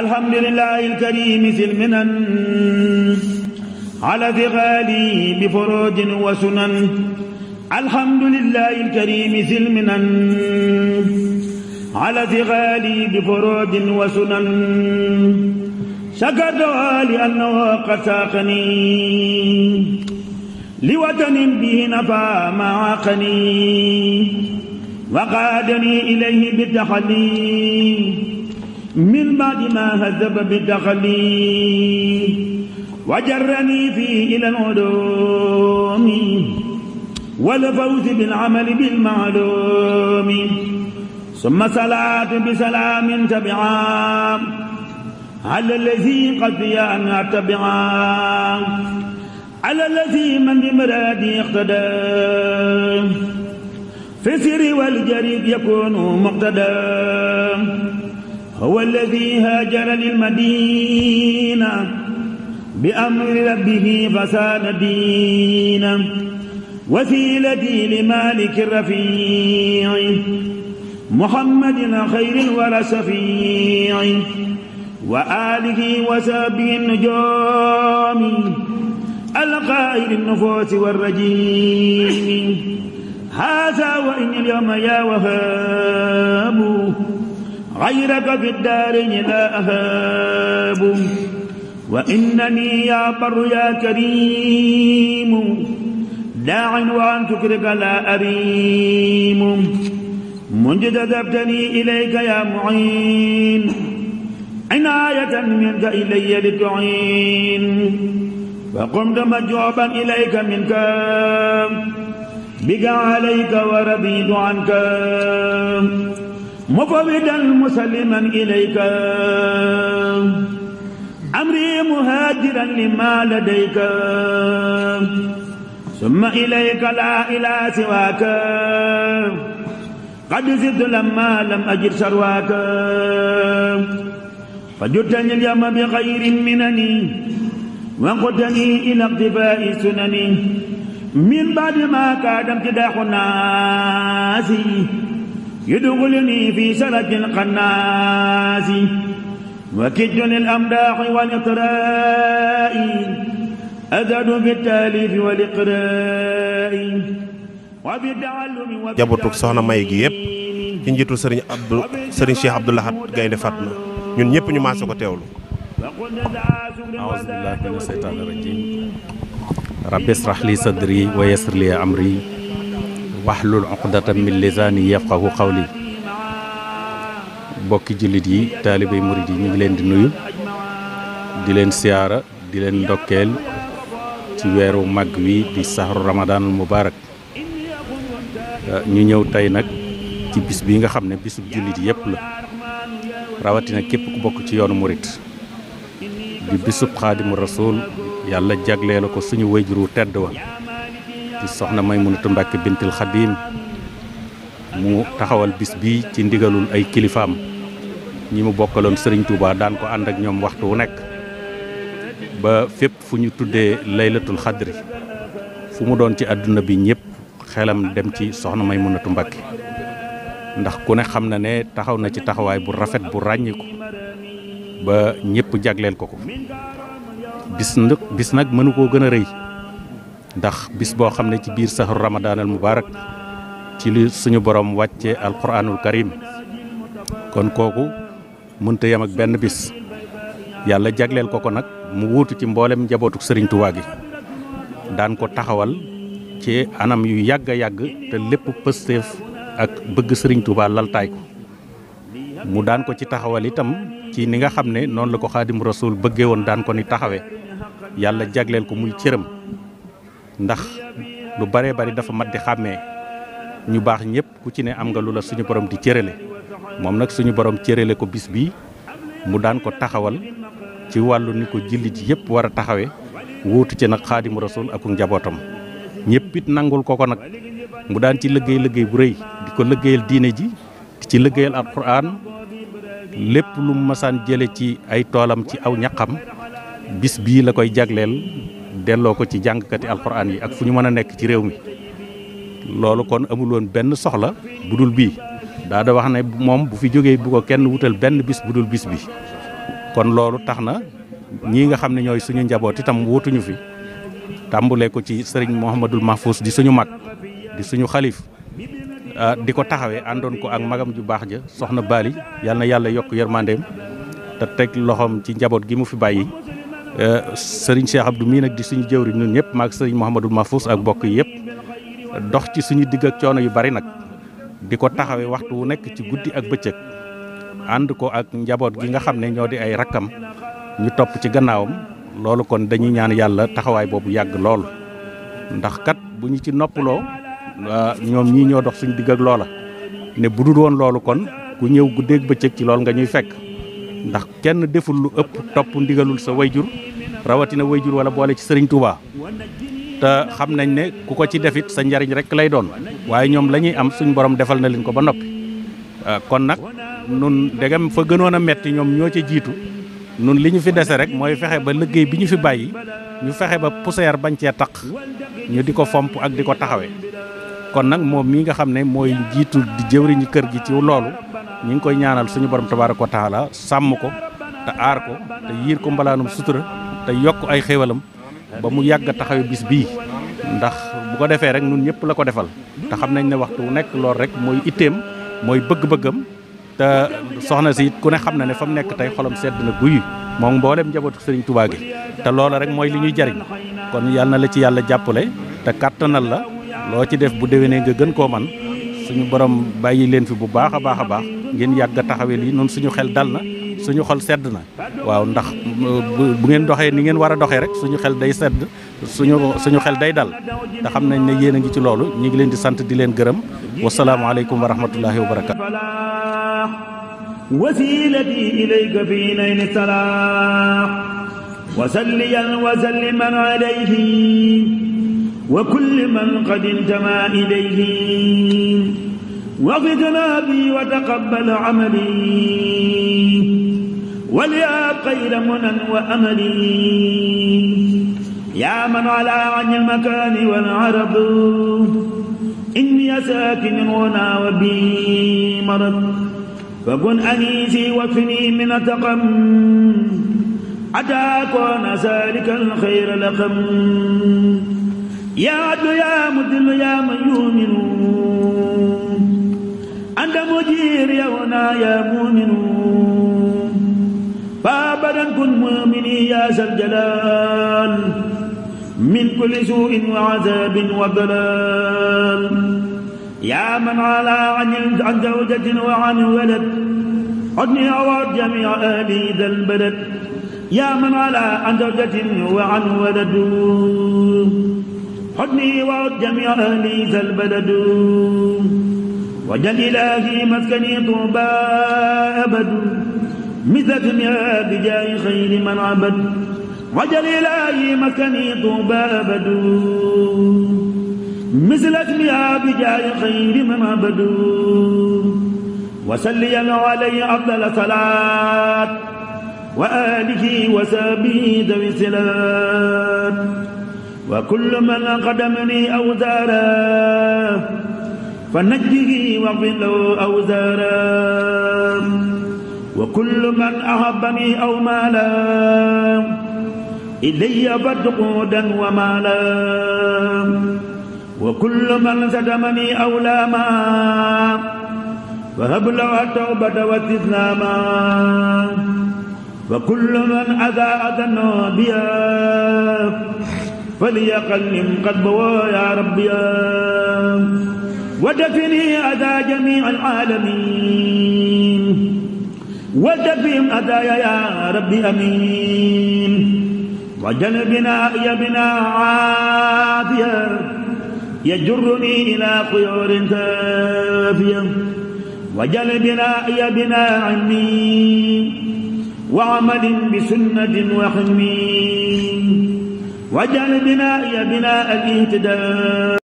alhamdulillahi alkarimi fil minan ala fiqaali bi forojin wa sunan alhamdulillahi alkarimi fil minan ala fiqaali bi forojin wa sunan شكرت لأنه قد ساقني لوطن به نفى ما عاقني وقادني إليه بالتحلي من بعد ما هذب بدخلي وجرني فيه إلى العلوم والفوز بالعمل بالمعلوم ثم صلاة بسلام تبعا على الذي قد أن أتبعا على الذي من بمرادي اقتدى في السر والجريب يكون مقتدى هو الذي هاجر للمدينة بأمر ربه فساد دينا وسيلتي لمالك الرفيع محمد خير ولا شفيع وآله وسابه النجوم القائل النفوس والرجيم هذا وإن اليوم يا وهاب غيرك في الدارين لا أهاب وإنني يا بر يا كريم داع وأن تكرك لا أريم منذ جذبتني إليك يا معين عناية منك إلي لتعين فقمت مجوبا إليك منك بك عليك ورضيت عنك مفوضا مسلما إليك أمري مهاجرا لما لديك ثم إليك لا إلى سواك قد زدت لما لم أجد سرواك فجرتني اليوم بغير منني وقدني إلى اقتفاء سنني من بعد ما كاد امتداح الناس يدخلني في سلك قناس وكج للأمداح والإقراء أزهد بالتأليف والإقراء وبالتعلم jabotuk soxna May gi yëpp ci njiitu sëriñ Abdou sëriñ Cheikh Abdou Lahad Gaynde Fatma ñun ñëpp ñu maase ko teewlu. أعوذ بالله من الشيطان الرجيم رب اشرح لي صدري ويسر لي أمري waxlul uqdatan min lisaani yafqahu qawli bokki jullit yi taalibey murit yi ñu ngi leen di nuyu di leen siyaara di leen ndokkeel ci weeru màgg wi di saxaru ramadanul mubaarak euh, ñu ñëw tey nag ci bis bi nga xam ne bisub jullit yépp la rawatina képp ku bokk ci yoonu murit di bisub xaadimu rasuul yàlla jaglee la ko suñu wayjuru tedd wa ci soxna Maymunatu Mbàkke bintil Xadim mu taxawal bis bii ci ndigalul ay kilifaam ñi mu bokkaloon Serigne Touba daan ko ànd ak ñoom waxtu wu nekk ba fépp fu ñu tuddee laylatul xadri fu mu doon ci àdduna bi ñëpp xelam dem ci soxna Maymunatu Mbàkke ndax ku ne xam na ne taxaw na ci taxawaay bu rafet bu ràññiku ba ñépp jagleel ko ko bis nag bis nag mënu koo gën a rëy ndax bis boo xam ne ci biir saxaru ramadaanal mubaarak ci li suñu borom wàcce alquranul karim kon kooku mënta yem ak benn bis yàlla jagleel ko ko nag mu wuutu ci mboolem njabootu sëriñ Tuubaa gi daan ko taxawal ci anam yu yàgg a yàgg te lépp pësteef ak bëgg sëriñ Tuubaa laltaay ko mu daan ko ci taxawal itam ci ni nga xam ne noonu la ko xaadim rasul bëggee woon daan ko ni taxawee yàlla jagleel ko muy cëram ndax lu baree bari dafa mat di xàmmee ñu baax ñëpp ku ci ne am nga lu la suñu borom di cërale moom nag suñu borom cërale ko bis bi mu daan ko taxawal ci wàllu ni ko jullit yëpp war a taxawe wuutu ci nag xaadimu rasul ak njabootam ñëpp it nangul ko ko nag mu daan ci liggéey liggéey bu rëy di ko liggéeyal diine ji di ci liggéeyal alquran lépp lu mu masaan jële ci ay toolam ci aw ñaqam bis bii la koy jagleel delloo ko ci jàngkati alxuraan yi ak fu ñu mën a nekk ci réew mi loolu kon amul woon benn soxla bu dul bii daada da wax ne moom bu fi jógee bu ko kenn wutal benn bis bu dul bis bi kon loolu tax na ñii nga xam ne ñooy suñu njaboot itam wutuñu fi tàmbulee ko ci sëriñ Mouhamadul Mahfous di suñu mag di suñu xalif ah, di ko taxawee àndoon ko ak magam ju baax ja soxna Bali yal na yàlla yokk yërmandeem te teg loxoom ci njaboot gi mu fi bàyyi Eh, sëriñ Cheikh du mii nag di suñu jëwriñ ñun ñëpp maak sëriñ Mouhamadou Mahfous ak bokk yi yëpp dox ci suñu digg ak coono yu bari nag di ko taxawee waxtu wu nekk ci guddi ak bëccëg ànd ko ak njaboot gi nga xam ne ñoo di ay rakkam ñu topp ci gannaawam loolu kon dañuy ñaan yàlla taxawaay boobu yàgg lool ndax kat bu ñu ci noppaloo ah, ñoom ñii ñoo dox suñu digg ak loola ne bu dul woon loolu kon ku ñëw guddeeg bëccëg ci loolu nga ñuy fekk ndax kenn deful lu ëpp topp ndigalul sa wayjur rawatina wayjur wala boole ci sëriñ Touba te xam nañ ne ku ko ci defit sa njariñ rek lay doon waaye ñoom la ñuy am suñ borom defal na leen ko ba noppi euh, kon nag nun degam fa gënoon a metti ñoom ñoo ci jiitu nun li ñu fi dese rek mooy fexe ba liggéey bi ñu fi bàyyi ñu fexe ba poussière bañ cee taq ñu di ko fomp ak di ko taxawee kon nag moom mii nga xam ne mooy jiitu di jëwriñu kër gi ci loolu ñu ngi koy ñaanal suñu borom tabaaraka wa taala sàmm ko te aar ko te yiir ko mbalaanum sutura te yokk ay xéwalam ba mu yàgg a taxawe bis bii ndax bu ko defee rek nun ñëpp la ko defal te xam nañ ne waxtu wu nekk loolu rek mooy itteem mooy bëgg-bëggam te soxna si it ku ne xam na ne fa mu nekk tey xolam sedd na guy moom mboolem njabootu sëriñ Tuubaa gi te loola rek mooy li ñuy jariñ kon yal na la ci yàlla jàppale te kàttanal la loo ci def bu déwénee nga gën koo man suñu borom bàyyi leen fi bu baax a baax a baax ngeen yàgg a taxawee lii noonu suñu xel dal na suñu xol sedd na waaw ndax bu ngeen doxee ni ngeen war a doxee rek suñu xel day sedd suñu suñu xel day dal te xam nañ ne yéen a ngi ci loolu ñu ngi leen di sant di leen gërëm wasalaamaaleykum wa rahmatullahi wa barakatu wasilati ilayka fi nayni salaax wasalliyan wasalliman alayhi wa kulli man qad intama ilayhi واغفر جنابي وتقبل عملي ولياب خير منى وأملي يا من على عن المكان والعرض إني ساكن هنا وبي مرض فكن أنيسي وكفني من التقم حتى أكون سالك الخير لقم يا عدل يا مدل يا من يؤمن أنت مجير يونا يا مؤمن فأبدا كن مؤمني يا ذا الجلال من كل سوء وعذاب وضلال يا من علا عن زوجة وعن ولد عدني أوعد جميع أهلي ذا البلد يا من علا عن زوجة وعن ولد عدني وعد جميع أهلي ذا البلد wajal ilaahi maskani tuuba abad misat mia bi jaay xayri man abad wajal ilaahi maskani tuuba abad misat mia bi jaay xayri man abad wasalliyan alayhi afdal salaat wa aalihi wa sahbihi dawi silaat wa kullu man qadamani aw zaara فنجه واغفر له أوزارا وكل من أحبني أو مالا إلي فدقودا ومالا وكل من زدمني أو لاما فهب له التوبة والاستسلاما وكل من أذى أذنه بها فليقلم قلبه يا ربي ودفني أذى جميع العالمين ودفهم أذايا يا ربي أمين وجنبنا يبنا عافية يجرني إلى خيور تافية وجلبنا يبنا عني وعمل بسنة وحلمين وجلبنا يبنا الاهتداء